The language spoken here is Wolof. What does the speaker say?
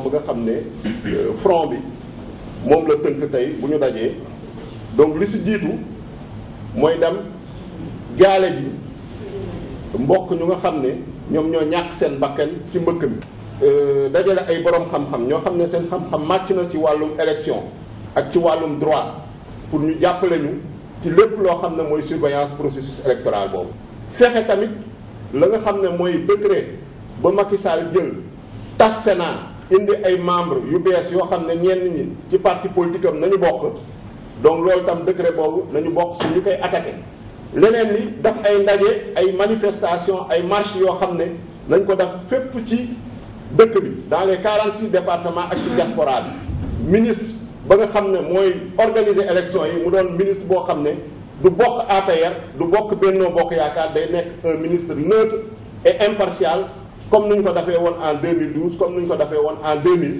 ba nga xam ne euh, front bi moom la tënk tey bu ñu dajee donc li si jiitu mooy dem jaale ji mbokk ñu nga xam ne ñoom ñoo ñàkk seen bakkan ci mbëkk mi euh, dajale ay borom xam-xam ñoo xam ne seen xam-xam màcc na ci wàllum élection ak ci wàllum droit pour ñu jàppale ñu ci lépp loo xam ne mooy surveillance processus électoral boobu fexe tamit la nga xam ne mooy décret ba Macky jël tas Sénat indi ay membres yu bees yoo xam ne ñenn ñi ci parti politique am nañu bokk donc loolu tam décret boobu nañu bokk suñu koy attaqué leneen ni daf ay ndaje ay manifestation ay marches yoo xam ne nañ ko def fépp ci dëkk bi dans les 46 départements ak ci diaspora ministre ba nga xam ne mooy organiser élection yi mu doon ministre boo xam ne du bokk APR du bokk Benno Bokk Yaakaar day nekk un ministre neutre et impartial comme ni ñu ko defee woon en 2012 comme ni ñu ko defee woon en 2000